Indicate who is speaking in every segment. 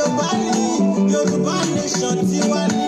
Speaker 1: Yorùbá ní Yorùbá nation tiwa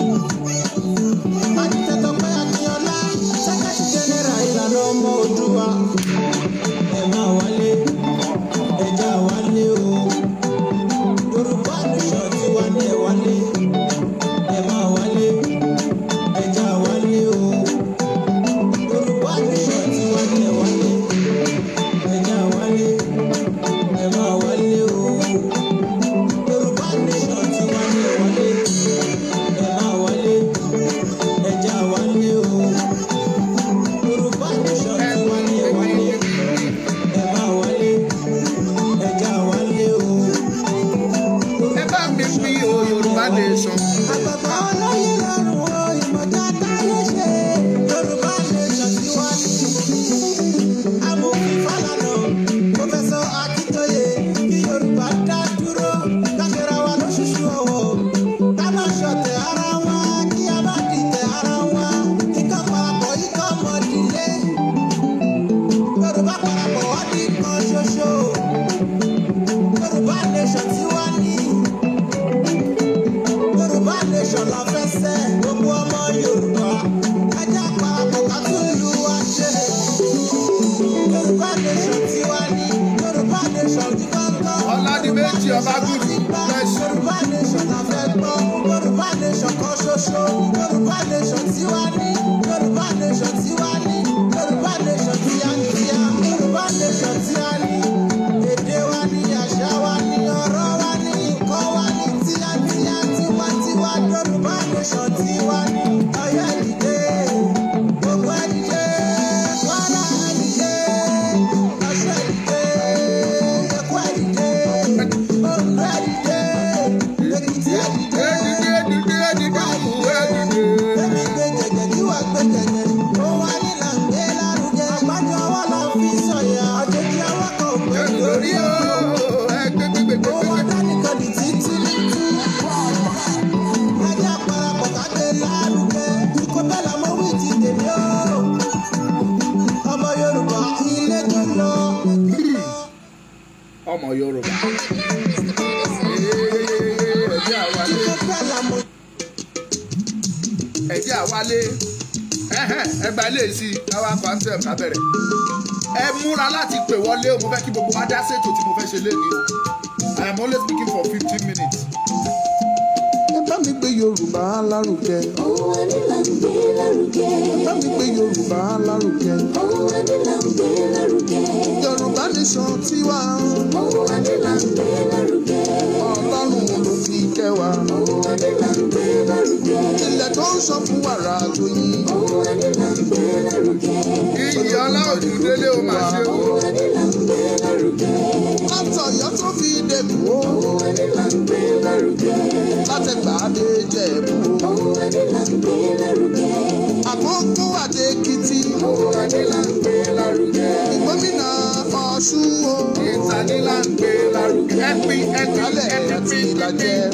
Speaker 2: ọmọ Yorùbá. ẹ̀jẹ̀ àwálé ẹgbà ilé sí káwá kwantem kábẹ̀rẹ̀ ẹ múra láti pè wọlé o mo fẹ́ kí gbogbo wa dá ṣètò tí mo fẹ́ ṣe lé ní o I am always speaking for fifteen minutes. Bámi gbé Yorùbá lárugẹ. Ohùn ni ní là ń gbé lárugẹ. Bámi gbé Yorùbá lárugẹ. Ohùn wa ní là lárugẹ. Yorùbá nation tiwa. Ohùn wa ní là ń gbé lárugẹ jẹ wa. ilẹ̀ tó ń sọ fún wàrà tó yí. iyì aláòjú délé o máa ṣe o. látọ̀yọ́ tó fi dẹ̀kú o. látẹ̀gbà dé jẹ̀bú o. àkókò àdékìtì. Owó adé là ń gbé lárugẹ. Gómìnà Ọ̀ṣun o. Ìtàdé là ń gbé lárugẹ. Ẹ̀pì ẹ̀dálẹ̀ ẹ̀pì ìbàjẹ́.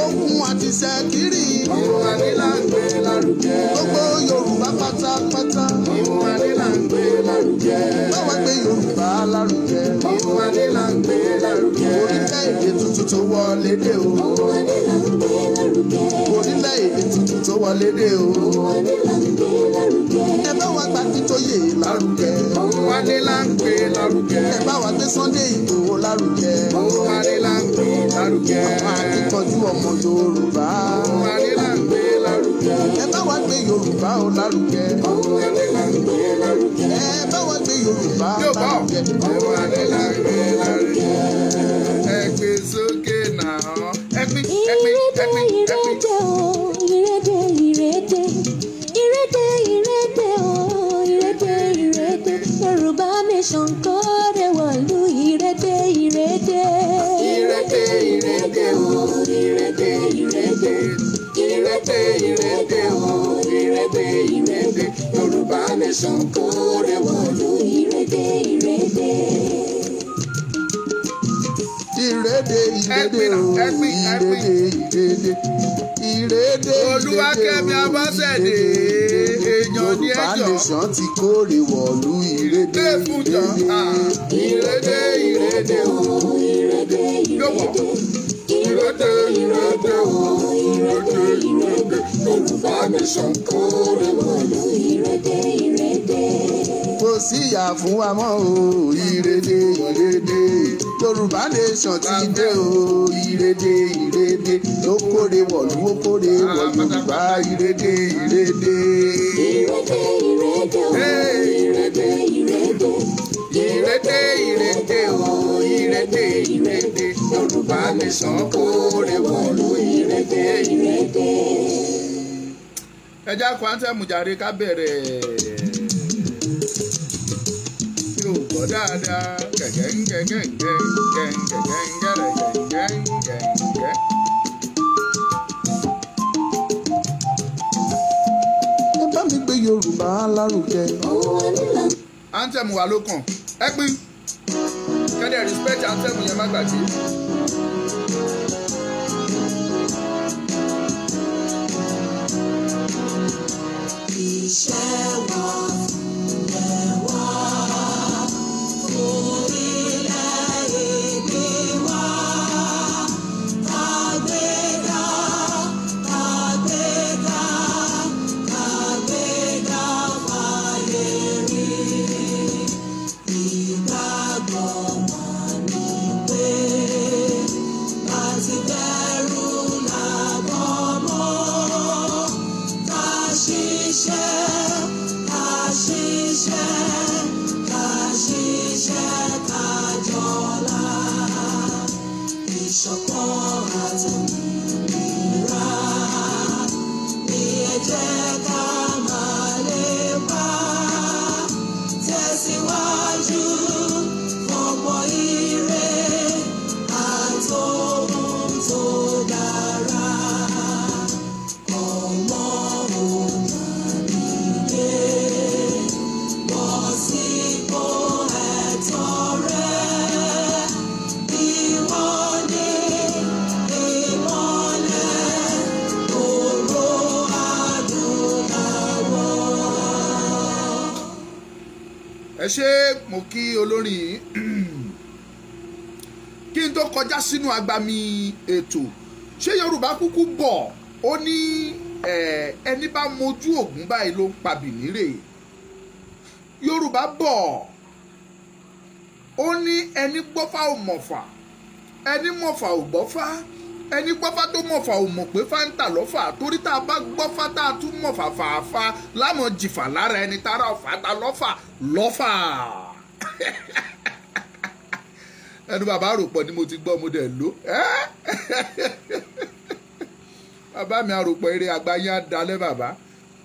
Speaker 2: Owó àti sẹ́kírì. Owó tó wà lédè o. ẹ bá wa gba Akíntóyè lárugẹ. Olúwadé là ń gbé lárugẹ. ẹ bá wa gbé Sunday Ìgbòho lárugẹ. Olúwadé là ń gbé lárugẹ. àwọn akíkanjú ọmọ Yorùbá. Olúwadé là ń gbé lárugẹ. ẹ bá wa gbé Yorùbá o lárugẹ. Olúwadé là ń gbé lárugẹ. ẹ bá wa gbé Yorùbá lárugẹ. Olúwadé là ń gbé lárugẹ. ẹ gbé sókè náà. ẹ pín ẹ pín ẹ pín. ìrédè o ìrédè ìrédè ìrédè olúwakẹ́mi abọ́sẹ̀dé èèyàn ní ẹjọ́ yorùbá nation ti kórè wọ̀lú ìrédè ìrédè ìrédè ìrédè o ìrédè ìrédè
Speaker 1: ìrédè ìrédè o ìrédè ìrédè yorùbá
Speaker 2: nation kórè wọ̀lú ìrédè ìrédè síyà fún wa mọ́ o ìrèdè ìrèdè yorùbá nation ti dé o ìrèdè ìrèdè ló kórè wọ̀lú ó kórè wọ̀ yorùbá ìrèdè ìrèdè. ìrèdè ìrèdè ìrèdè ìrèdè ìrètè ìrètè o ìrètè ìrètè yorùbá
Speaker 1: nation kórè wọ̀lú ìrètè ìrètè.
Speaker 2: ẹ já kwantẹ́ mùjàre ká bẹ̀rẹ̀. wò dáadáa. ẹ bá mi gbé Yorùbá lárugẹ. anthem wa ló ẹ pín kẹ́dẹ̀ respect anthem yẹn má gbàgbé.
Speaker 1: share. wọn.
Speaker 2: ṣé mo kí olórin yìí kí n tó kọjá sínú agbami ètò ṣé yorùbá kúkú bọ̀ ó ní ẹni bá mojú ògún báyìí ló ń pa bìnírè yorùbá bọ̀ ó ní ẹni gbọ́fà ò mọ̀fà ẹni mọ̀fà ò gbọ́fà ẹni gbọ́fá tó mọ̀fà ò mọ̀ pé fáńtà lọ́fà torí tá a bá gbọ́fá tá a tún mọ̀fà fàáfà lámọ̀ jìfà lára ẹni tára ọ̀fà ta lọ́fà lọ́fà. ẹnu bàbá àròpọ̀ ni mo ti gbọ́ mo dẹ̀ ló bàbá mi àròpọ̀ eré àgbáyé àdálẹ́ bàbá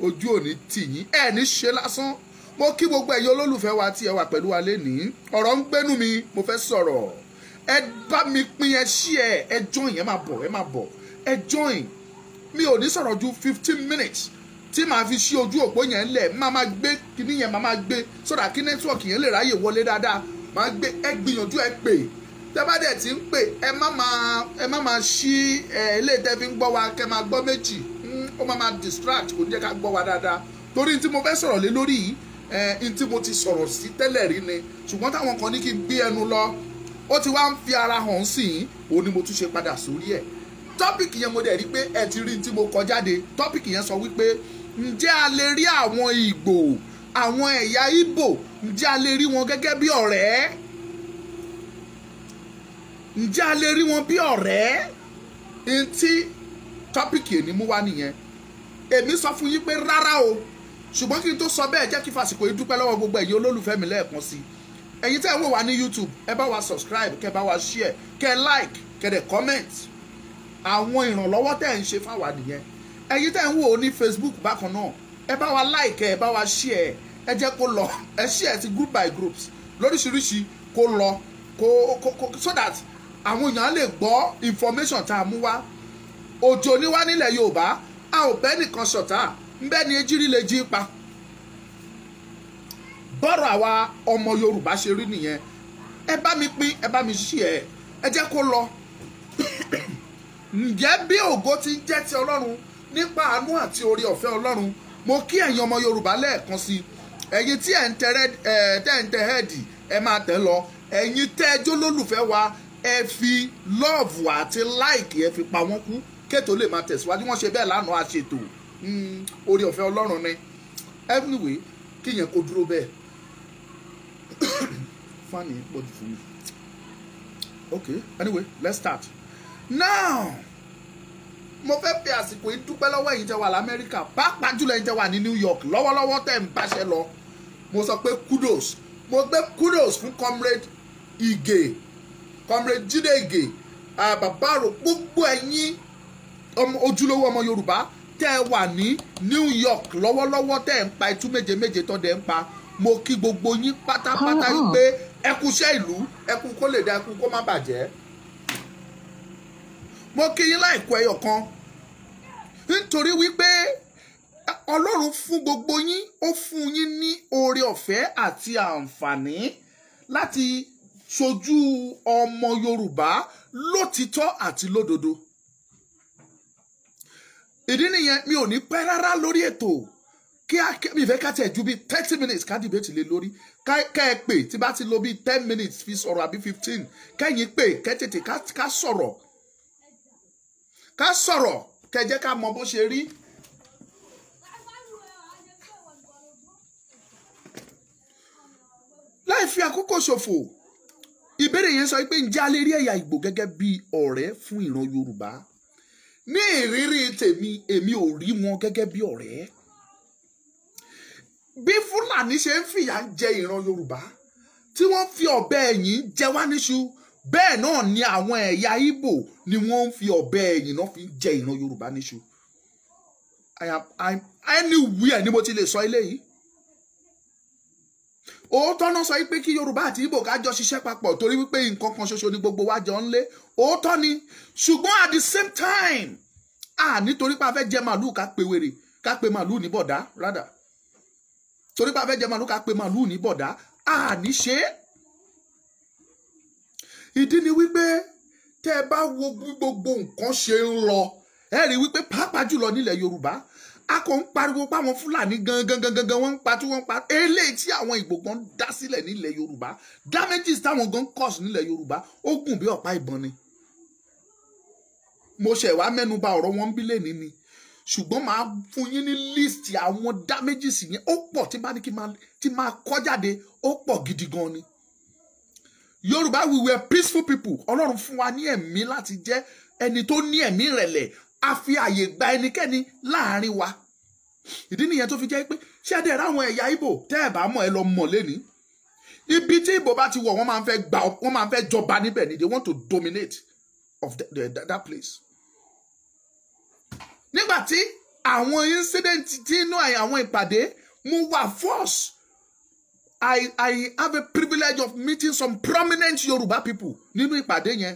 Speaker 2: ojú òní tì yín ẹ̀ ní ṣe lásán mo kí gbogbo ẹ̀yin olólùfẹ́ wa tí ẹ wà pẹ̀lú wa lénìí ọ̀rọ̀ ń gbénú mi mo fẹ́ sọ̀rọ̀ ẹ bá mi pín ẹ ṣí ẹ ẹ join ẹ máa bọ̀ ẹ máa bọ̀ ẹ join mi ò ní sọ̀rọ̀ ju fifteen minutes tí màá fi ṣí ojú òpó yẹn lẹ̀ máa máa gbé kíní yẹn máa máa gbé sọ̀dà kí nẹ́tíwọ̀kì yẹn lè ráyè wọlé dáadáa máa gbé ẹ gbìyànjú ẹ pè tẹ́bàdẹ̀ tí ń pè ẹ má máa ẹ má máa ṣí ẹ ilé tẹ́ fi ń gbọ́ wa kẹ́ máa gbọ́ méjì hmm, ó máa máa distract kò ní jẹ́ ká gbọ́ wa dáadáa torí tí mo fẹ́ sọ̀rọ̀ lé lórí yìí ẹ n tí mo ti sọ̀rọ̀ sí tẹ́lẹ̀ rí ni ṣùgbọ́n táwọn kan ní kí n gbé ẹnu lọ ó ti wá ń fi ara hàn sí i òun ni mo tún ṣe padà sórí ẹ̀ tọ́pìkì yẹn mo dẹ̀ rí pé ẹ ti rí tí mo kọ jáde tọ́pìkì yẹn sọ wípé ǹjẹ́ a lè rí àwọn Ìgbò àwọn ẹ̀yà Ìgbò ǹjẹ́ a lè rí wọn gẹ́gẹ́ bí ọ̀rẹ́ ǹjẹ́ a lè rí wọn bí ọ̀rẹ́ ntí tọ́pìkì èmi mú wá nìyẹn èmi sọ fún yín pé rárá o ṣùgbọ́n kí n tó sọ bẹ́ẹ̀ jẹ́ kí fàsìkò yìí dúpẹ́ lọ́wọ́ gbogbo ẹ̀yin olólùfẹ́ mi lẹ́ẹ̀kan sí i ẹ̀yin tẹ́ ẹ̀ wò wá ní YouTube ẹ bá wa subscribe kẹ́ ẹ bá wa share kẹ́ like kẹ́ ẹ comment àwọn ìrànlọ́wọ́ tẹ́ ẹ̀ ń ṣe fáwa nìyẹn ẹ̀yin tẹ́ ẹ̀ ń wò ó ní Facebook bákan náà ẹ bá wa like ẹ bá wa share ẹ jẹ́ kó lọ ẹ share ti group by groups lóríṣiríṣi kó lọ kó kó so that àwọn èèyàn lè gbọ́ information tá a mú wá òjò níwá nílẹ̀ Yorùbá a ò bẹ́ nìkan ṣọ̀tá ń bẹ́ ni ejiri lè jí pa bọ́rọ̀ àwa ọmọ yorùbá ṣe rí nìyẹn ẹ bá mi pín ẹ bá mi ṣí ẹ ẹ jẹ́ kó lọ ǹjẹ́ bí ògo ti ń jẹ́ ti ọlọ́run nípa àánú àti oore ọ̀fẹ́ ọlọ́run mo kí ẹ̀yin ọmọ yorùbá lẹ́ẹ̀kan sí ẹ̀yin tí ẹ̀ ń tẹ hẹ́ẹ̀dì ẹ máa tẹ̀ lọ ẹ̀yin tẹ́ẹjọ́ lólùfẹ́ wa ẹ fi lọ́ọ̀vù àti láìkì ẹ fi pa wọ́n kú kéètò lè máa tẹ̀síwájú wọ́n ṣe bẹ́ẹ̀ lánàá àṣetò hmm, oore ọ̀fẹ́ ọlọ́run ni anyway kí yẹn kó dúró bẹ́ẹ̀. Funny, but jù fún okay anyway let's start now mo fẹ́ pe àsìkò yìí dúpẹ́ lọ́wọ́ ẹ̀yin tẹ́ wà lamẹ́ríkà pàápàá jùlọ ẹ̀yin tẹ́ wà ní new york lọ́wọ́lọ́wọ́ tẹ̀ ń báṣẹ lọ mo sọ pé kudos mo gbé kudos fún comrade ige comrade jide ige bàbá rò gbogbo ẹ̀yin ojúlówó ọmọ yorùbá tẹ́ wà ní new york lọ́wọ́lọ́wọ́ tẹ́ ń pa itú méje méje tọ́ dẹ̀ ń pa mo kí gbogbo yín pátápátá yín pé ẹ kú iṣẹ́ ìlú ẹ kú kó lè dá ẹ kú kó má bàjẹ́ mo kí yín láìkú ẹyọ kan nítorí wípé ọlọ́run fún gbogbo yín ó fún yín ní oore ọ̀fẹ́ àti àǹfààní láti ṣojú ọmọ yorùbá lótìtọ́ àti lódodo ìdí nìyẹn mi ò ní pẹ́ rárá lórí ètò kí á mi fẹ́ ká tiẹ̀ ju bíi thirty minutes ká dìbẹ́tì lé lórí kẹ́ ẹ pè tí bá ti lo bíi ten minutes fi sọ̀rọ̀ àbí fifteen kẹ́yìn pè kẹ́ tètè ká sọ̀rọ̀ ká sọ̀rọ̀ kẹ́ jẹ́ ká mọ bó ṣe rí. láì fi àkókò ṣòfò ìbéèrè yẹn sọ pé ǹjẹ́ a lè rí ẹ̀yà Ìgbò gẹ́gẹ́ bí ọ̀rẹ́ fún ìran Yorùbá ní ìrírí tèmi èmi ò rí wọn gẹ́gẹ́ bí ọ̀rẹ́ bí fúlàní ṣe ń fìyà jẹ ìran yorùbá tí wọ́n fi ọ̀bẹ ẹ̀yìn jẹ wá níṣu bẹ́ẹ̀ náà ni àwọn ẹ̀yà Ìgbò ni wọ́n ń fi ọ̀bẹ ẹ̀yìn náà fi jẹ ìran yorùbá níṣu anywhere ni mo ti lè sọ eléyìí òótọ́ náà sọ pé kí yorùbá àti Ìgbò ká jọ ṣiṣẹ́ papọ̀ torí wípé nǹkan kan ṣoṣo ni gbogbo wa jọ ń lé òótọ́ ni ṣùgbọ́n at the same time à nítorí pé a fẹ́ jẹ màlúù ká pe wèrè ká pe màlúù ní bọ̀dá rádà torí pé afẹ́jẹ màlúù ká pe màlúù ní bọ̀dá àní ṣe é ìdí ni wípé tẹ́ ẹ bá wo gbogbo nǹkan ṣe ń lọ ẹ rí wípé pàápàá jùlọ nílẹ̀ Yorùbá a kò ń pariwo páwọn Fúlàní gangan gangan wọ́n ń pa tí wọ́n ń pa eléyìí tí àwọn Ìgbò gan dá sílẹ̀ nílẹ̀ Yorùbá damages táwọn gan cause nílẹ̀ Yorùbá ó gùn bí ọ̀pá ìbọn ni mo ṣe wá mẹ́nuba ọ̀rọ̀ wọn ń bí lè ní ni. ni ṣùgbọ́n màá fún yín ní list àwọn damages yẹn ó pọ̀ tí bá ní kí máa tí máa kọ́ jáde ó pọ̀ gidi gan ni yorùbá we were peaceful people ọlọ́run fún wa ní ẹ̀mí láti jẹ́ ẹni tó ní ẹ̀mí ìrẹ̀lẹ̀ a fi àyè gba ẹnikẹ́ni láàrin wa ìdí nìyẹn tó fi jẹ́ pé ṣẹ́dẹ̀ ráwọn ẹ̀yà ìbò tẹ́ ẹ̀ bá mọ̀ ẹ lọ mọ̀ lẹ́ni ibi tí ìbò bá ti wọ̀ wọ́n máa ń fẹ́ gbà wọ́n máa ń fẹ́ jọba níbẹ̀ ni they want to dominate of the, the, that place nígbà tí àwọn incident tí inú àwọn ìpàdé mo wà force I I have a privilege of meeting some prominent Yoruba people nínú ìpàdé yẹn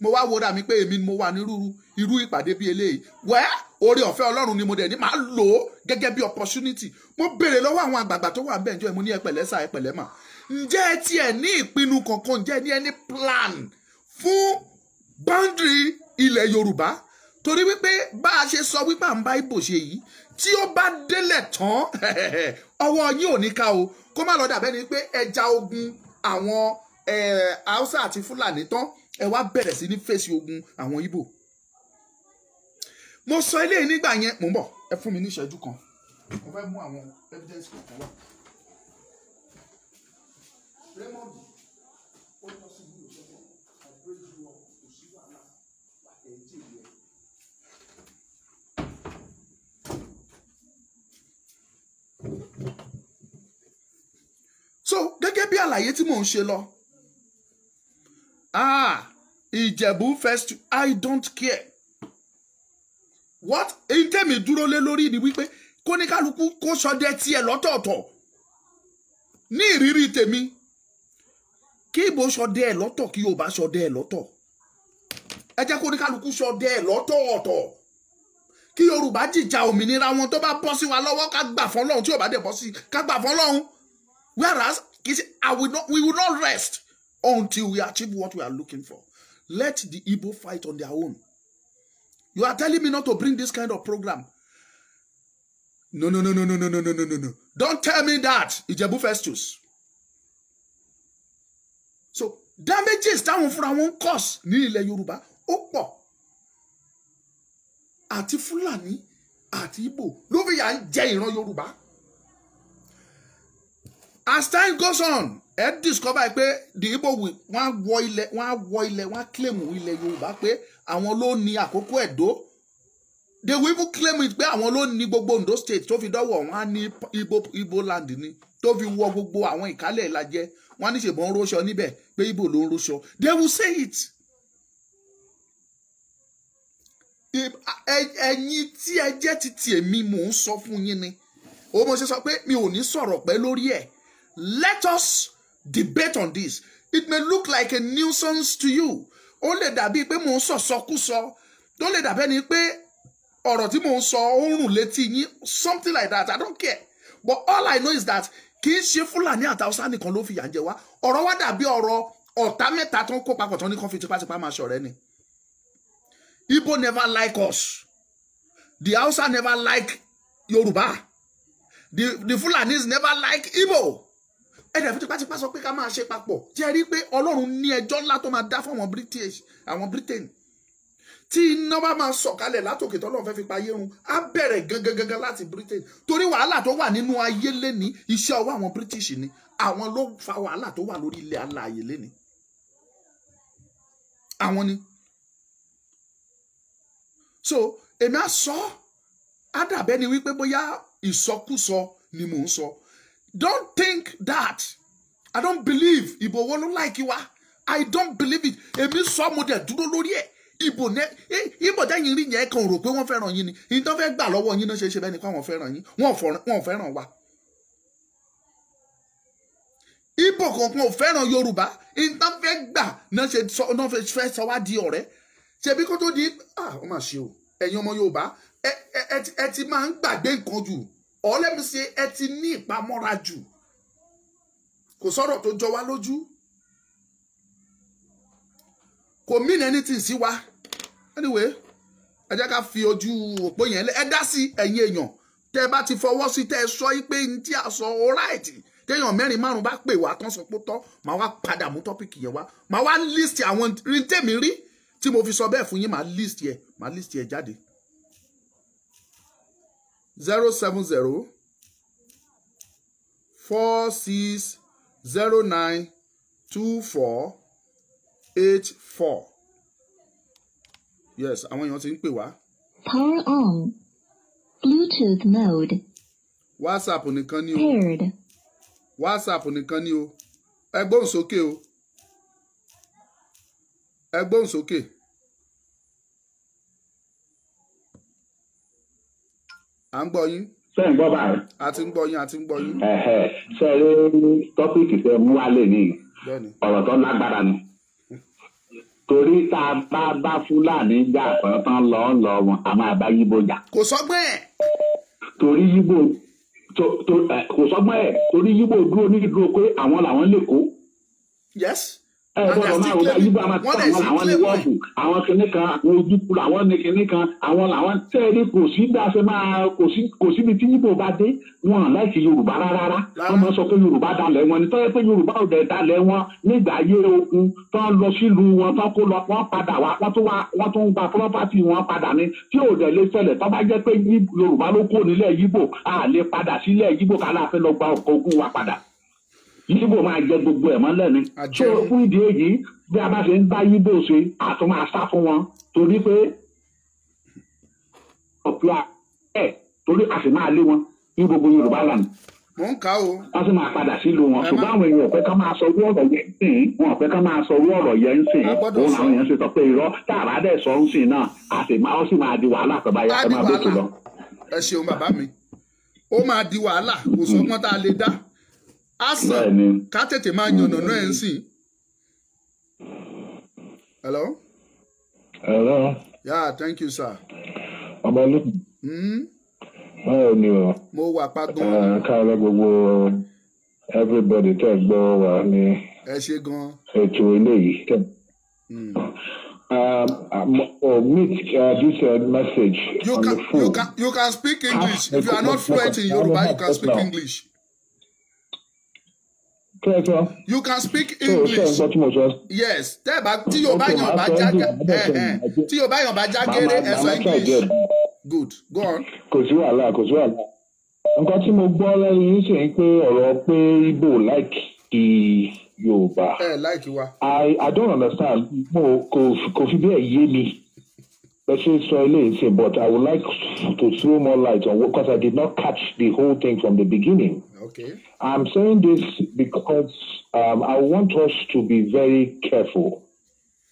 Speaker 2: mo wá wo ra mi pé èmi mo wà nírú irú ìpàdé bíi eléyìí wẹ́ oore ọ̀fẹ́ ọlọ́run ni mo dẹ̀ ní màá lò ó gẹ́gẹ́ bí opportunity mo béèrè lọ́wọ́ àwọn àgbààgbà tó wà bẹ́ẹ̀ njọ́ ẹ̀ mo ní ẹ̀pẹ̀lẹ́ sà ẹ̀pẹ̀lẹ́ mà ǹjẹ́ ẹ tiẹ̀ ní ìpinnu kankan ǹjẹ́ ní ẹni plan fún boundary ilẹ̀ Yorùbá torí wípé bá a ṣe sọ wípé à ń bá ibo ṣe yìí tí ó bá délẹ̀ tán ọwọ́ yín ò ní ká o kó má lọ dàbẹ́ ni pé ẹja ogun àwọn haúsá àti fúlàní tán ẹ wá bẹ̀rẹ̀ sí ní fèsì ogun àwọn ibo mo sọ eléyìí nígbà yẹn mò ń bọ̀ ẹ fún mi ní ìṣẹ́jú kan mo fẹ́ mú àwọn evidence kọ̀ọ̀kan wá. Raymond so gẹ́gẹ́ bí àlàyé tí mò ń ṣe lọ ah ìjẹ̀bú first i don't care what èyí tẹ̀mí dúró lé lórí ni wípé kóníkálukú kó sọdẹ tiẹ̀ lọ́tọ̀ọ̀tọ̀ ní ìrírí tèmi kí ìbò sọdẹ ẹ̀ lọ́tọ̀ kí yorùbá sọdẹ ẹ̀ lọ́tọ̀ ẹ jẹ́ kóníkálukú sọdẹ ẹ̀ lọ́tọ̀ọ̀tọ̀ kí yorùbá jìjà òmìnira wọn tó bá bọ́ sí wa lọ́wọ́ ká gbà fọ́lọ́run tí yorùbá dẹ̀ bọ́ sí ká gbà fọ́lọ́run Whereas, I will not, we will not rest until we achieve what we are looking for. Let the Igbo fight on their own. You are telling me not to bring this kind of program. No, no, no, no, no, no, no, no, no, no, no. Don't tell me that, Ijebu Festus. So, damages táwọn fúnra wọn ń cause ní ilẹ̀ Yorùbá ó pọ̀. Àti Fúlàní àti Igbo ló fi yà ń Yoruba as time goes on ẹ discover pé the Igbo wọ́n á wọ ilẹ̀ wọ́n á wọ ilẹ̀ wọ́n á claim ilẹ̀ Yorùbá pé àwọn ló ní àkókò Ẹ̀dó they will even claim it pé àwọn ló ní gbogbo Ondo state tó fi dọ́wọ́ wọn á ní Igbo Igbo land ni tó fi wọ gbogbo àwọn ìkálẹ̀ ìlàjẹ wọn á ní ṣèbọn ń róṣọ níbẹ̀ pé Igbo ló ń róṣọ they will say it. ẹ̀yin tí ẹ jẹ́ ti tèmi mò ń sọ fún yín ni òun mo ṣe sọ pé mi ò ní sọ̀rọ̀ pẹ́ lórí ẹ̀ Let us debate on this. It may look like a nuisance to you. Ó lè dàbí pé mò ń sọ sọkúsọ. Ó lè dàbí ẹni pé ọ̀rọ̀ tí mò ń sọ ó ń rùn létí yín. Something like that. I don't care. But all I know is that kì í ṣe Fúlàní àtàwùsá nìkan ló fi yà ń jẹ wá. Ọ̀rọ̀ wa dàbí ọ̀rọ̀ ọ̀tá mẹ́ta tó ń kó papọ̀ tó ní kàn fi tipátipá máa ṣọ̀rẹ́ ni. Igbo never like us. The Hausa never like Yoruba. The, the Fulanis never like Igbo ẹ̀dẹ̀ fi tipátipá sọ pé ká máa ṣe papọ̀ jẹ́ rí pé ọlọ́run ní ẹjọ́ ńlá tó máa dá fún àwọn British àwọn Britain tí iná bá máa sọ̀kalẹ̀ látòkè tọ́lọ́run fẹ́ fi pa ayé run á bẹ̀rẹ̀ gangan láti Britain torí wàhálà tó wà nínú ayé lẹ́ni iṣẹ́ ọwọ́ àwọn British ni àwọn ló fa wàhálà tó wà lórí ilẹ̀ alààyè lẹ́ni àwọn ni so èmi á sọ á dàbẹ́ ni wípé bóyá ìsọkúsọ ni mò ń sọ. So Don't think that. I don't believe Ibo wo ló like wa. I don't believe it. Èmi sọ mo dẹ̀ dúró lórí ẹ̀. Ìbò nẹ Ìbò tẹ́yìn rí yẹn kan rò pé wọ́n fẹ́ràn yín ni. Ìyìn tó fẹ́ gbà se yín náà ṣe é ṣe bẹ́ẹ̀ ni pé won fẹ́ràn yín. Wọ́n fẹ́ràn wa. Ìbò kankan ò fẹ́ràn Yorùbá. Ìyìn tó fẹ́ gbà náà fe fẹ́ sọ wá di ọ̀rẹ́. Ṣebí kó tó di ah o. mà ṣe o. Ẹ̀yin ọmọ e e ti máa ń gbàgbé nǹkan jù or let me say ẹ ti ní ìpamọ́ra jù kò sọ̀rọ̀ tó jọ wá lójú kò mean anything sí wa anyway ẹ jẹ́ ká fi ojú òpó yẹn ẹ dá sí ẹ̀yin èèyàn tẹ́ ẹ bá ti fọwọ́ sí tẹ́ ẹ sọ pé n tí a sọ alright téèyàn mẹ́rin márùn-ún bá pè wá tán sọ pé tọ́ màá wá padà mú tọ́pìkì yẹn wá màá wá list àwọn rí tèmi rí tí mo fi sọ bẹ́ẹ̀ fún yín màá list yẹ màá list yẹ jáde. Oh zero seven zero four six zero nine two four eight four yes àwọn èèyàn ti ń pè wá.
Speaker 3: power on bluetooth mode.
Speaker 2: whatsapp nìkan ni o paired. whatsapp nìkan ni o ẹ gbóhùn sókè o ẹ gbóhùn sókè. Okay. à ń gbọ́ yín. ṣé ń gbọ́ báyìí. a ti ń gbọ́ yín a ti ń gbọ́ yín.
Speaker 4: ṣe eré tọ́pìkì tẹ mú wá lè ní ọ̀rọ̀ tó lágbára ni torí tá a bá bá fúlàní jà ọ̀rọ̀ tán lọ́ lọ́ wọn a máa bá yíbo jà.
Speaker 2: kò sọ́gbẹ́ ẹ̀.
Speaker 4: torí yíbo kò sọ́gbọ́n ẹ̀ torí yíbo dúró ní dúró pé àwọn làwọn lè kó. yes gbọ́dọ̀ eh, máa wò dájú bá máa tẹ àwọn làwọn ní wọ́ọ̀fù àwọn kinní kan àwọn ojúkú làwọn ní kinní kan àwọn làwọn tẹ́ẹ̀rí kò sí dáṣẹ́ máa kò síbi tí yíbo bá dé wọn láìsí yorùbá rárá wọn máa sọ pé yorùbá dalẹ̀ wọn ni tọ́yẹ pé yorùbá ò dẹ̀ dalẹ̀ wọn nígbà ayé ogun tó ń lọ sílùú wọn tó kó lọ wọn padà wá wọn tó ń gba pírọ́pátì wọn padà ni tí ò dẹ̀ lè ṣẹlẹ̀ tó bá jẹ́ pé yorùbá ló kó nílẹ̀ yíbo à lè padà sílẹ̀ yíbo kálá fẹ́ lọ gba ọkọ̀ ogun wa padà yíbò máa jẹ gbogbo ẹ̀ mọ́lẹ̀ ni so fún ìdí èyí bí a bá ṣe ń bá yíbò ṣe àtún máa sá fún wọn torí pé ọ̀pọ̀ ẹ̀ torí a sì máa lé wọn ní gbogbo Yorùbá lànà mò ń kà ó. wọ́n sì máa padà sílùú wọn ṣùgbọ́n àwọn èèyàn ò fẹ́ máa sọ owó ọ̀rọ̀ yẹn sìn wọn ò fẹ́ máa sọ owó ọ̀rọ̀ yẹn sìn òun àwọn èèyàn ṣe sọ pé irọ́ tá a bá dẹ̀ sọ
Speaker 2: ń sìn náà a sì máa ó sì máa di wàhálà tó bá yá ẹ máa bó ti lọ. ẹ ṣeun bàbá mi ó máa di wàhálà kò sọ́gbọ́n tá a lè dá asan ká tètè máa yànnà náà ẹ̀ ń sìn. hello. hello. yeah thank you sir. ọba lókè. báwo ni
Speaker 4: o. mo wà pa gan. káàárọ̀ gbogbo everybody tẹ́ gbọ́ wà ní. ẹ ṣe gan. ètò eléyìí tẹ́. um, hmm. um, or meet uh, this uh, message you on can, the phone. You
Speaker 2: can, you can speak English. Ah, If you are not fluent in Yoruba, you can speak English you can speak English yes tẹ́ ẹ bá tí yorùbá yàn bá já tí yorùbá yàn bá já géré ẹ sọ English good go on.
Speaker 4: kò sí wàhálà kò sí wàhálà nǹkan tí mo gbọ́ lẹ́yìn yìí sì ń pé ọ̀rọ̀ pé Igbo like the Yorùbá. ẹ láìkí wa. I I don't understand mo kò kò fi bẹ́ẹ̀ yé mi. person Soile say, but I would like to throw more light on because I did not catch the whole thing from the beginning. Okay. I'm saying this because um, I want us to be very careful.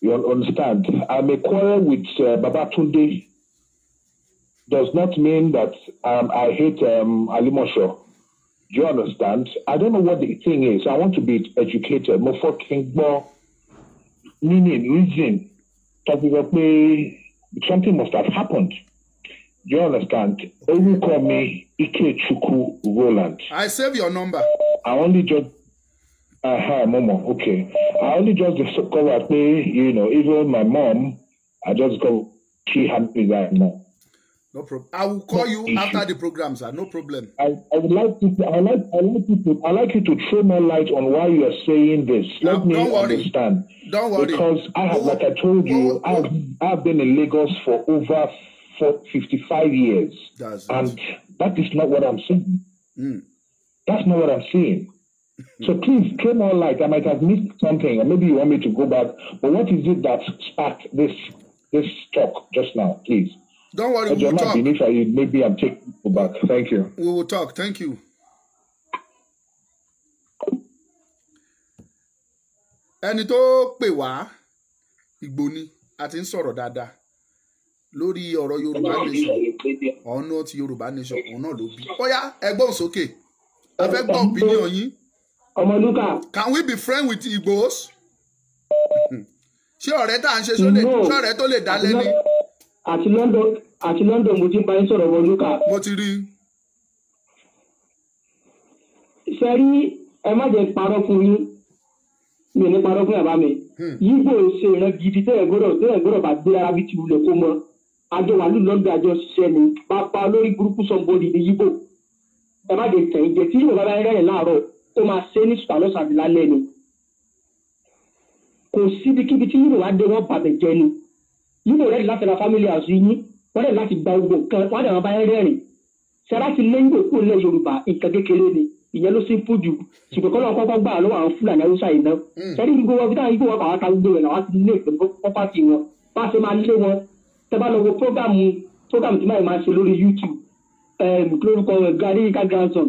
Speaker 4: You understand? I may quarrel with uh, Babatunde does not mean that um, I hate um, Mosho. Do you understand? I don't know what the thing is. I want to be educated. More fucking more meaning, reason. about me something must have happened. You understand? will call me Ikechuku Roland.
Speaker 2: I save your number.
Speaker 4: I only just. Aha, uh Momo. Okay. I only just discovered, you know, even my mom, I just go, she had me right now.
Speaker 2: No problem. I will call you issue. after the program, sir. No
Speaker 4: problem. I, I would like to. I like. I like you to. I like you to throw more light on why you are saying this. Let me don't worry. understand. Don't worry. Because I have, like I told you, I have, I have been in Lagos for over for 55 years, That's and it. that is not what I'm saying. Mm. That's not what I'm saying. So please, throw more light. I might have missed something, or maybe you want me to go back. But what is it that sparked this this talk just now, please?
Speaker 2: Don't worry, we'll talk.
Speaker 4: Initially, maybe I'm taking you back. Thank you.
Speaker 2: We will talk. Thank you. Ẹni tó pè wá Ìgbò ni a ti ń sọ̀rọ̀ dáadáa lórí ọ̀rọ̀ Yorùbá nation ọ̀nà ti Yorùbá nation òun náà ló bí. Bóyá ẹgbọ́n sókè, a fẹ́ gbọ́ opinion yín. Ọmọlúkà. Can we be friends with Igbos? Ṣé ọ̀rẹ́ tá à ń ṣe sólè? Ṣé ọ̀rẹ́ tó lè dá lẹ́ni? àti London àti London mo ti ń bá yín sọ̀rọ̀ wọnú kà. mo ti rí.
Speaker 5: ṣe rí ẹ má jẹ́ parọ́ fún yín mi ní parọ́ fún yàrá mi yígbò hmm. ṣe ìran gidi tẹ́lẹ̀ gbọ́dọ̀ tẹ́lẹ̀ gbọ́dọ̀ bá gbé ara bí ti wulẹ̀ kó mọ àjọ wàlú lọ́dọ̀ àjọ ṣiṣẹ́ ni pápá olórí burúkú sọ́nbọ́ọ̀lì ní yígbò ẹ má jẹ́ tẹ̀yìn jẹ́ tí yóò bá bá rẹ̀ rẹ̀ láàárọ̀ ó máa ṣe ní sùpàlọ́sàdì lálẹ́ ni kò síbikíbi tí yóò wá dé wọ́n bàbẹ̀ jẹ́ ni nínú rẹ̀ láti ra family house yín wọ́n dẹ̀ láti gba gbogbo nǹkan wọ́n dẹ̀ wọ́n bá yẹn rẹ́rìn sara ti léyìnbó kó lẹ Yorùbá nǹkan kékeré ni ìyẹn ló sì ń fojú ṣùgbọ́n kọ́lọ́ kọ́kọ́ gbà lọ́wọ́ àwọn Fúlàní Haúsá yìí náà sẹ́ni gbogbo wọn fúnra yìí wọ́n bá wọn ká gbogbo rẹ̀ làwọn ti lé pẹ̀lú pọ́pátì wọn bá a ṣe máa lé wọn tẹ́ bá lọ wo prógámù prógámù tí máa ṣe lórí YouTube um, lórúkọ uh, Gàdíríkà grandson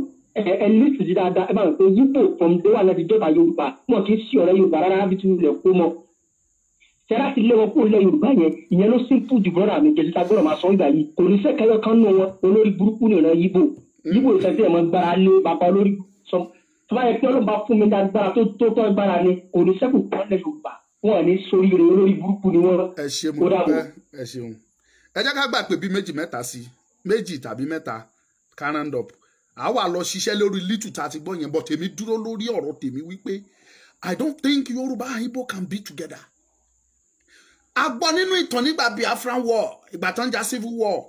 Speaker 5: ẹ lísì sí dáadáa ẹ bá wọn pé yípo from day one láti jọba Yorùbá wọn kì í sí ọ̀rẹ́ Yorùbá rárá bí tí wọn lè kó mọ́ tẹ́lá ti lé wọn kúrò ilẹ̀ yorùbá yẹn ìyẹn ló simple jù bọ́dà mi jẹ́ títa gbọ́dọ̀ máa sọ ìgbà yìí kò ní fẹ́ kẹyọ kan nù wọn olórí burúkú nìran yíbò mm. yíbò ìfẹsẹ̀ mọ́ gbára lé bàbá olórí sọ tó bá yẹ pé ọlọ́ba fún mi dágbára tó tó tọ́ gbára ni kò ní sẹ́kù kọ́ ilẹ̀ yorùbá wọn ní sórí rẹ olórí burúkú
Speaker 2: ni wọn. ẹ ṣeun ẹ ṣeun ẹ jẹ́ ká gbà pé bí méjì mẹ́ta sí méjì tàbí mẹ́ta round àwa lọ ṣiṣẹ́ lórí little tá a ti gbọ́ yẹn bọ̀ tèmi dúró lórí ọ̀rọ̀ tèmi wípé I don't think Yorùbá and Igbo can be together a gbọ́ nínú ìtàn nígbà Biafran war ìgbà tó ń ja civil war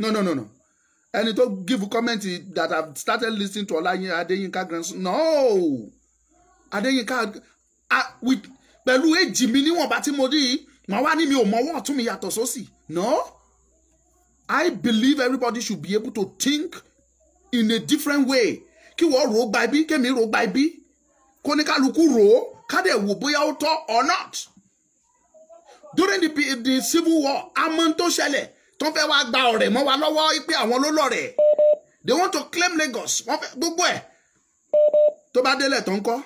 Speaker 2: no no no no ẹni tó give comment that I started listening to Ọláyin Adéyínká grandson no Adéyínká with pẹ̀lú èjì mi níwọ̀nba tí mo rí wọ́n wá ní mi ò mọ́wọ́ ọ̀tún mi yàtọ̀ sósì no I believe everybody should be able to think in a different way kí wọ́n rò ó gba ibi kémi rò ó gba ibi kóníkálukú rò ó ká dẹ̀ wò bóyá ó tọ́ or not during the, the civil war amọ̀ tó ṣẹlẹ̀ tó ń fẹ́ wá gba ọ̀rẹ́ mọ́ wa lọ́wọ́ pé àwọn ló lọ́rẹ̀ they want to claim Lagos wọ́n fẹ́ gbogbo ẹ̀ tó bá délẹ̀ tó ń kọ́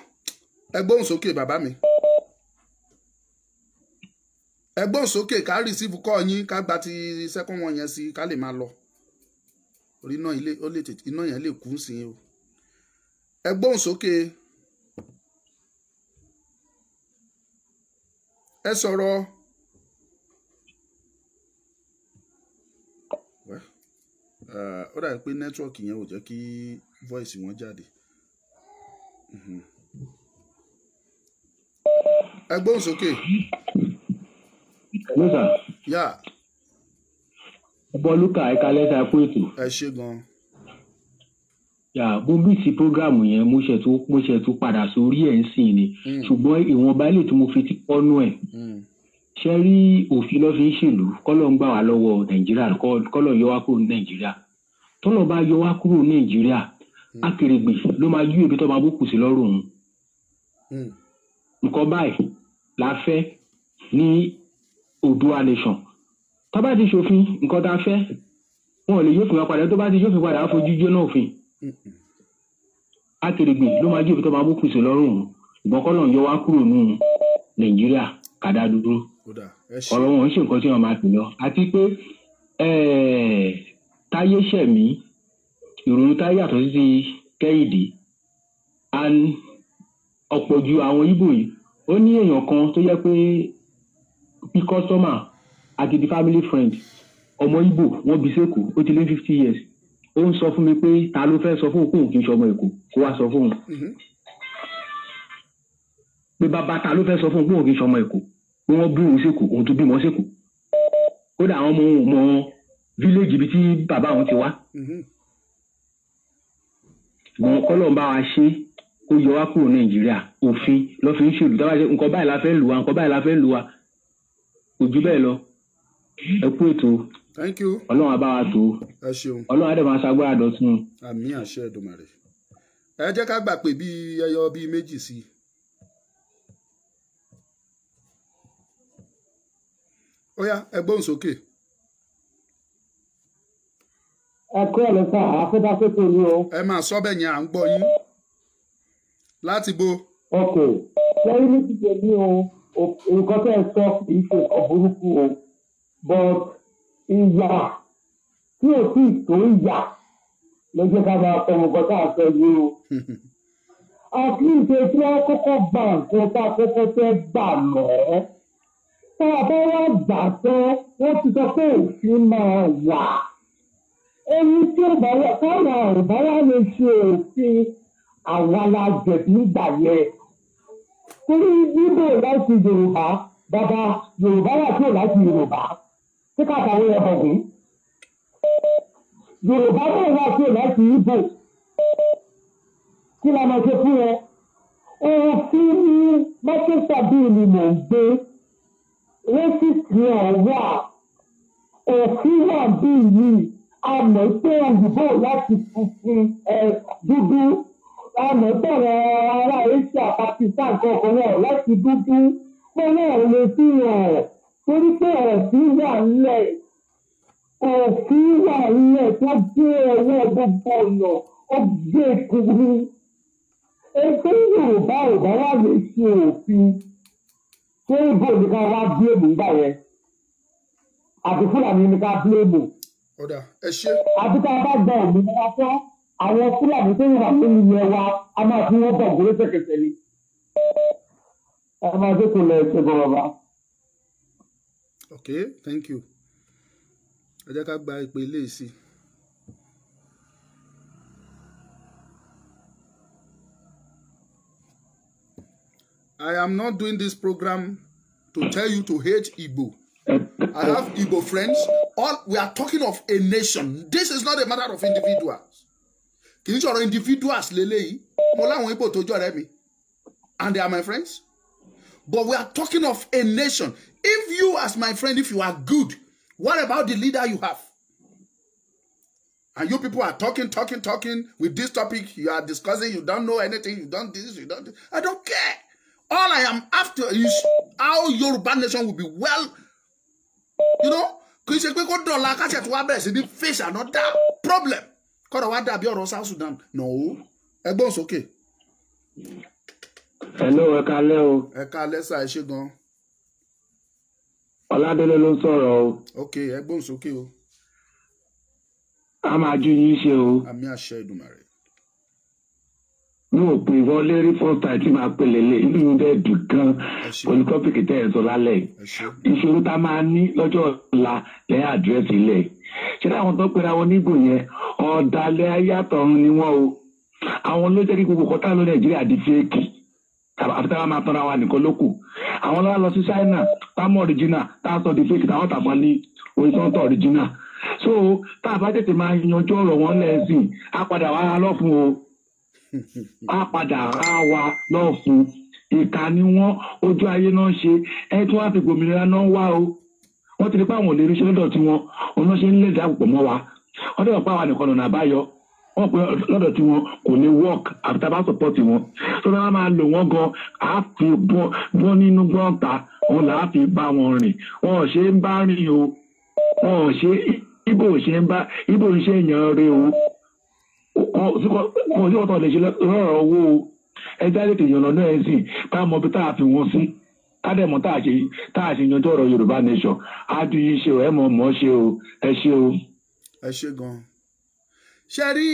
Speaker 2: ẹ gbóhùn sókè bàbá mi ẹ gbóhùn sókè ká receive kọ́ yín ká gba ti second one yẹn sí ká lè máa lọ orí iná ilé ó lè tètè iná yẹn lè kú sí i o ẹ gbóhùn ẹ sọ̀rọ̀. Uh, ó dàbí pé nẹ́tíwọ́ọ̀kì yẹn ò jẹ́ kí voice wọn jáde. Mm-hmm. ẹ gbóhùn sókè.
Speaker 4: ló sà. yá. ọbọ lúkà ẹ̀ka lẹ́sà kú ètò. ẹ ṣé gan-an mo mísì prógrámù yẹn mo ṣe tó mo ṣe tó padà sórí ẹ̀ ń sìn ni mm. ṣùgbọ́n ìwọ̀nba ilé tí mo fi ti kọ́nú ẹ̀ mm. ṣe rí òfin lọ́ fi ń ṣèlú kọ́lọ̀ ń gbà wá lọ́wọ́ nàìjíríà kọ́lọ̀ yọ wá kúrò ní nàìjíríà tọ́lọ̀ bá yọ wá kúrò ní nàìjíríà mm. akèrègbè ló máa yú ebi tó máa bó sí lọ́rùn nǹkan báyìí la fẹ́ ní Oòduà nation tó bá ti ṣòfin nǹkan tá fẹ́ wọn ò lè yófin wa padà tó bá ti yófin padà á fojú jóná òfin akérègbè ló máa jẹ́ òbí tó máa mú kùsùn lọ́rùn ìbọn kọ́ lọ́n yọ wá kúrò ní nàìjíríà kàdá dúró ọ̀rọ̀ wọn ń ṣe nǹkan tí wọ́n máa pè lọ àti pé táyé ṣẹ̀mí ìròyìn táyé yàtọ̀ sí ti kẹ́hìndé and ọ̀pọ̀ ju àwọn ibo yìí ó ní èèyàn kan tó yẹ pé bí kọ́sọ́mà àti di family friend ọmọ ibo wọ́n bí sẹ́kù ó ti lé fifty years ó ń sọ fún mi pé ta ló fẹ́ sọ fún òkú òkú ìṣọmọ èkó kó wá sọ fún òun mm-hmm. pé bàbá ta ló fẹ́ sọ fún òkú òkú ìṣọmọ èkó pé wọ́n bí òun sèkó òun tó bímọ sèkó kódà àwọn ọmọ òun mọ fíléèjì ibi tí bàbá òun ti wá mm-hmm. ṣùgbọ́n kọ́lọ́n bá wa ṣe kó yọ wá kúrò nàìjíríà òfin lọ́ ṣèlú tá ṣe nǹkan báyìí la fẹ́ lù wá nǹkan báyìí la fẹ́ lù wá kò bẹ́ẹ̀ lọ ẹ kú ètò thank you. ọlọ́run àbá wa tó.
Speaker 2: ẹ ṣeun. ọlọ́run àdẹ̀fà aṣagbára dọ̀tun. àmì àṣẹ Èdùmàrè. ẹ jẹ́ ká gbà pé bíi ẹyọ bíi méjì sí i. ó yá ẹ gbóhùn sókè. ẹ kú ẹ̀ lọ́sà àkóbákókò ni o. ẹ máa sọ bẹ́ẹ̀ yẹn à ń gbọ́ yín. láti bo. ọkọ̀ lẹ́yìn ní ti tẹ̀lé o nǹkan tẹ̀ sọ kì í
Speaker 3: ṣe ọ̀burúkú o but ìyà tí ò tí ì tó ìyà ló jẹ́ ká máa tọmọ nǹkan tá a fẹ́ yé o. àti ìṣe tí wọ́n kọ́kọ́ gbà nǹkan tá a kọ́kọ́ fẹ́ gbà lọ́ tá a bá wá gbà tán wọ́n ti sọ pé òfin máa wà. ẹni tí ó bá wà táwọn àrùbá lè ṣe òfin àwa la jẹ̀bi nígbà yẹn. torí níbo láti Yorùbá bàbá Yorùbá wà tí láti Yorùbá tí kàkàwé yẹn bọ̀ fún. Yorùbá náà wá sí láti Ìgbò kí la máa ṣe fún wọn. Ohun tí ní Mákẹ́sà bíi ni mò ń gbé rẹ́sìtì ọ̀ wà òfin wà bíi yìí àmọ́ pé òyìnbó láti funfun ẹ̀ dúdú àmọ́ tọ̀rọ̀ ará Asia Pakistan kọ̀ọ̀kan náà láti dúdú pé náà lè fi hàn torí pé òfin wà nílẹ̀ òfin wà nílẹ̀ tó gbé ọwọ́ gbogbo ọ̀nà ó gbé kúrú ètò Yorùbá ò bá wà lè ṣe òfin tó ń bò ní ká wá bíèmù nígbà yẹn àti Fúlàní ní ká bíèmù. àti ká bá gba òmìnira tán àwọn Fúlàní tó ń wà lórí ilẹ̀ wa a máa fi wọ́n bọ̀
Speaker 2: gbólóṣèkẹsẹ̀ ni. ẹ máa dé kò lọ ẹ ṣe bọ̀ bàbá okay thank you ẹ jẹ́ ká gba ìpè ilé sí i. I am not doing this program to tell you to hate Igbo. I have Igbo friends. All we are talking of a nation. This is not a matter of individuals. Kì í sọ̀rọ̀ individuals lélẹ́yìí. Mo láwọn Igbo tó jọ̀rẹ́ mi and they are my friends. But we are talking of a nation. If you, as my friend, if you are good, what about the leader you have? And you people are talking, talking, talking with this topic you are discussing. You don't know anything. You don't this. You don't. I don't care. All I am after is how Yoruba nation will be well. You know, kì í ṣe pé kó dọ̀la káṣẹ̀ tó wá bẹ̀rẹ̀ sí ní face another problem. Kọ́dọ̀ wá dàbí ọ̀rọ̀ South Sudan. No, ẹgbọ́n sókè hello ẹ kálẹ́ o. ẹ kálẹ́ sà ẹ ṣé gan. ọládélé ló ń sọ̀rọ̀ o. ok ẹ gbóhùn sókè o.
Speaker 4: a máa ju yín ṣe o.
Speaker 2: àmì àṣẹ Èdùmàrè.
Speaker 4: mi ò pè wọ́n lérí first time tí màá pè lélẹ̀ inú mi bẹ́ẹ̀ dùn gan pẹ̀lú tọ́pìkì tẹ́ ẹ̀ sọ lálẹ́ ìṣòro tá a máa ní lọ́jọ́ ọ̀la lẹ́yìn àdírẹ́sì ilẹ̀ ṣé táwọn tó pera wọn nígbò yẹn ọ̀dàlẹ̀ ayé àtọ̀run ni wọ́n o àwọn ló jẹ́ kí gbogbo kọ́tà ló Nàìjíríà di fẹ́ẹ̀kì àbí táwọn máa tọ́ra wa nìkan ló kù àwọn lọ́wọ́ lọ sí China táwọn original táwọn sọ di fake táwọn tàbọn ní orí original so tá a bá tètè máa yanjú ọ̀rọ̀ wọn lẹ́sìn á padà wá lọ́fun o á padà á wa lọ́fun ìka ni wọ́n ojú ayé náà ṣe ẹni tí wọ́n fi gbòmìnira náà wá o wọ́n ti rí pé àwọn ò lè ríṣẹ́ lọ́dọ̀ tiwọn òun náà ṣe ń lè dáàbò pọ̀ mọ́ wa wọ́n dẹ̀ wọ́n pa àwọn nìkan lọ́nà àbáyọ wọ́n pe lọ́dọ̀ tí kò lè work àbí tá a wọn tó dáa máa lò wọ́n gan á fi bọ́ nínú gbọ́ǹta wọn là á fi bá wọn rìn wọn ò ṣe ń bá rìn o wọn ò ṣe ibo ṣe ń bá ibo ṣe èèyàn rè o kò sí ọ̀tọ̀ lè ṣe lọ́rọ̀ owó o ẹja lè tèèyàn lọ́nà ẹ̀ sìn ká mọ bí tá a fi wọn sí kádẹ́mọ̀ tá a ṣe tá a ṣe yanjú ọ̀rọ̀ Yorùbá nation á ju yìí ṣe o ẹ mọ̀ mọ́ ṣe o ẹ ṣe o.
Speaker 2: ẹ ṣe gan-an ṣe rí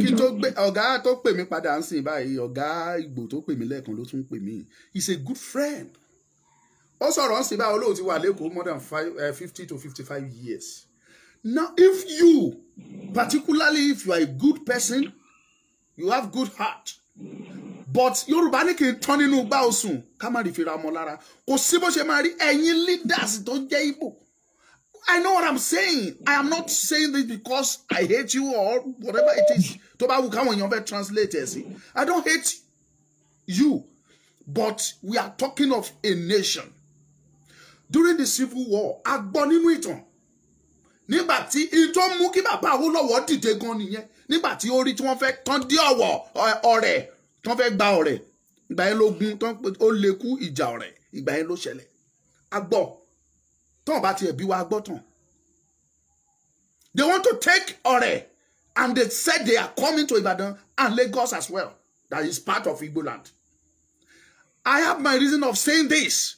Speaker 2: kí n tó gbé ọ̀gá tó pè mí padà ń sìn báyìí ọ̀gá ìgbò tó pè mí lẹ́ẹ̀kan ló tún pè mí he's a good friend ó sọ̀rọ̀ ń sìn báyìí olóòtú wà lẹ́kọ̀ọ́ more than five, uh, fifty to fifty-five years now if you particularly if you are a good person you have good heart but yorùbá ní kì í tán nínú gbá osùn ká má rí fira mọ́ lára kò sí bó ṣe máa rí ẹ̀yin leaders tó jẹ́ Ìgbò I know what I'm saying. I am not saying this because I hate you or whatever it is. Toba bá wù káwọn èèyàn bẹ́ẹ̀ translate I don't hate you, but we are talking of a nation. During the Civil War, a gbọ́ nínú ìtàn. Nígbà tí ìjọ mú kí bàbá Awólọ́wọ̀ dìde gan nìyẹn. Nígbà tí ó rí tí wọ́n fẹ́ tán dé ọ̀wọ̀ ọ̀rẹ́ tí wọ́n fẹ́ gba ọ̀rẹ́. Ìgbà yẹn lógun tán bá tiẹ̀ bí wa gbọ́ they want to take Ọ̀rẹ́ and they said they are coming to Ibadan and Lagos as well that is part of Igbo land I have my reason of saying this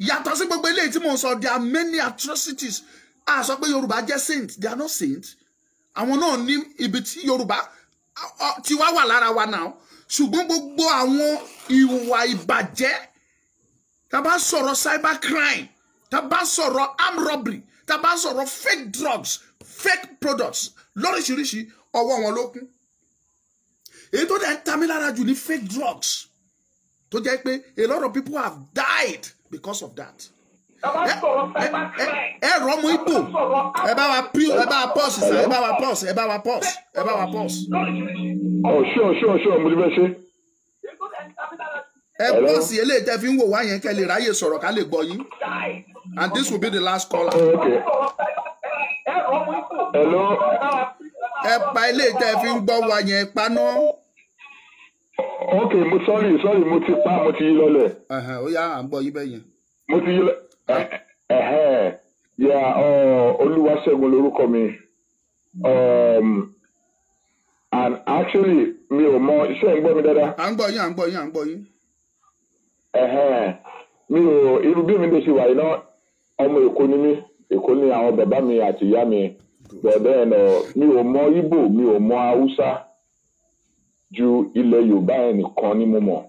Speaker 2: yàtọ̀ sí gbogbo eléyìí tí mò ń sọ there are many atrocities a sọ pé Yorùbá jẹ́ saint they are not saint àwọn náà ní ibi tí Yorùbá ti wá wà lára wa náà ṣùgbọ́n gbogbo àwọn ìwà ìbàjẹ́ tá sọ̀rọ̀ cyber crime tàbá sọ̀rọ̀ arm robbery tàbá sọ̀rọ̀ fake drugs fake products lóríṣiríṣi ọwọ́ wọn ló kún èyí tó dẹ̀ ń ta mí lára jù ní fake drugs tó jẹ́ pé a lot of people have died because of that ẹ rọ ọmọ ibo ẹ bá wa pí ẹ bá wa pause ẹ bá wa pause ẹ bá wa pause ẹ bá wa pause. ọ̀ṣun ọ̀ṣun ọ̀ṣun ọ̀mùdíbẹ́sẹ̀ ẹ bọ́ sí eléyìí tẹ́ fi ń wò wá yẹn kẹ́ lè ráyè sọ̀rọ̀ ká lè gbọ́ yín and this will be the last call. Oh, ẹ pa eléyìí tẹ́ fi ń gbọ́ wá yẹn paná. ok mo sorry sorry mo ti pa mo ti yí lọlẹ̀. ó yá à ń gbọ́ yí bẹ́ẹ̀ yẹn. mo ti yí lọ
Speaker 4: yà Olúwaṣẹ́gun lórúkọ mi um, and actually mi ò mọ iṣẹ́ ń mi dáadáa.
Speaker 2: à ń gbọ́ yín à ń gbọ́ yín à ń gbọ́ yín.
Speaker 4: mi ò irú bí mi ló ṣe wà yìí náà ọmọ èkó ni mí èkó ni àwọn bàbá mi àti ìyá mi bẹ̀ẹ̀bẹ̀ ẹ̀nà mi ò mọ Ìgbò mi ò mọ haúsá ju ilẹ̀ yorùbá yẹn nìkan ni mo mọ̀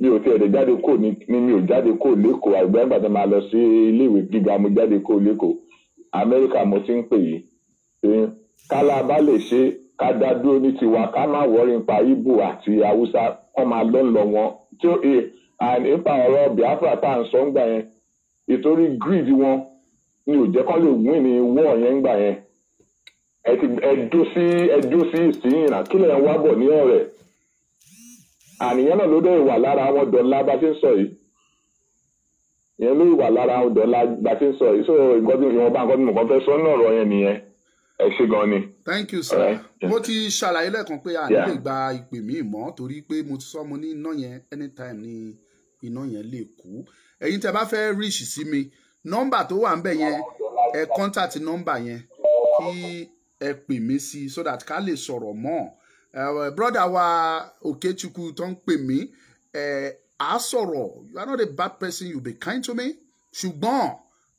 Speaker 4: mi ò tiẹ̀ lè jáde kó ni mi ò jáde kó lẹ́kọ̀ọ́ àgbẹ̀ nígbà tí màá lọ sí iléèwé gíga mo jáde kó lẹ́kọ̀ọ́ amẹ́ríkà mo ti ń pè yìí pé kálá bá lè ṣe ká dá dúró ní tiwa ká má wọrí nípa Ìgbò àti haúsá kọ́ máa lọ́nlọ́ wọn tí ó and ipa ọ̀rọ̀ Biafra tá à ń sọ ń gbà yẹn ìtorí greed wọn ni ò jẹ́ kán lè win ní war yẹn ń gbà yẹn ẹ sí ẹdó sí ìsìn ìrà kí lè wá bọ̀ ní ọ̀rẹ́ àníyàn náà ló dé ìwà lára wọn dọ̀la bá ti ń sọ yìí ìyẹn ló ìwà lára wọn dọ̀la bá ti ń sọ yìí so nǹkan tí bá nǹkan tí mo fẹ́ sọ náà rọ yẹn nìyẹn ẹ ṣe gan ni.
Speaker 2: thank you sir right. yeah. mo ti ṣàlàyé lẹ́ẹ̀kan pé a nílè gba ìpè mí mọ́ torí pé mo ti sọ mo ní iná yẹn anytime ni iná yẹn lè kú ẹ̀yin tẹ́ bá fẹ́ ríṣì sí mi nọ́mbà tó wà ń bẹ̀ yẹn ẹ contact nọ́mbà yẹn kí ẹ pè mí sí so that ká lè sọ̀rọ̀ mọ́ broda wa Okechukwu tó ń pè mí ẹ á sọ̀rọ̀ you are not a bad person you be kind to me ṣùgbọ́n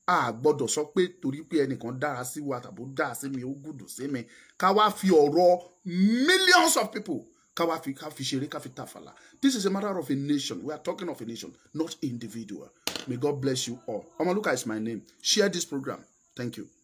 Speaker 2: a gbọ́dọ̀ sọ pé torí pé ẹnìkan dára sí wa tàbí ó dára sí mi ó gùdù sí mi ká wá fi ọ̀rọ̀ millions of people this is a matter of a nation we are talking of a nation not individual may God bless you all Amaluka is my name share this program thank you.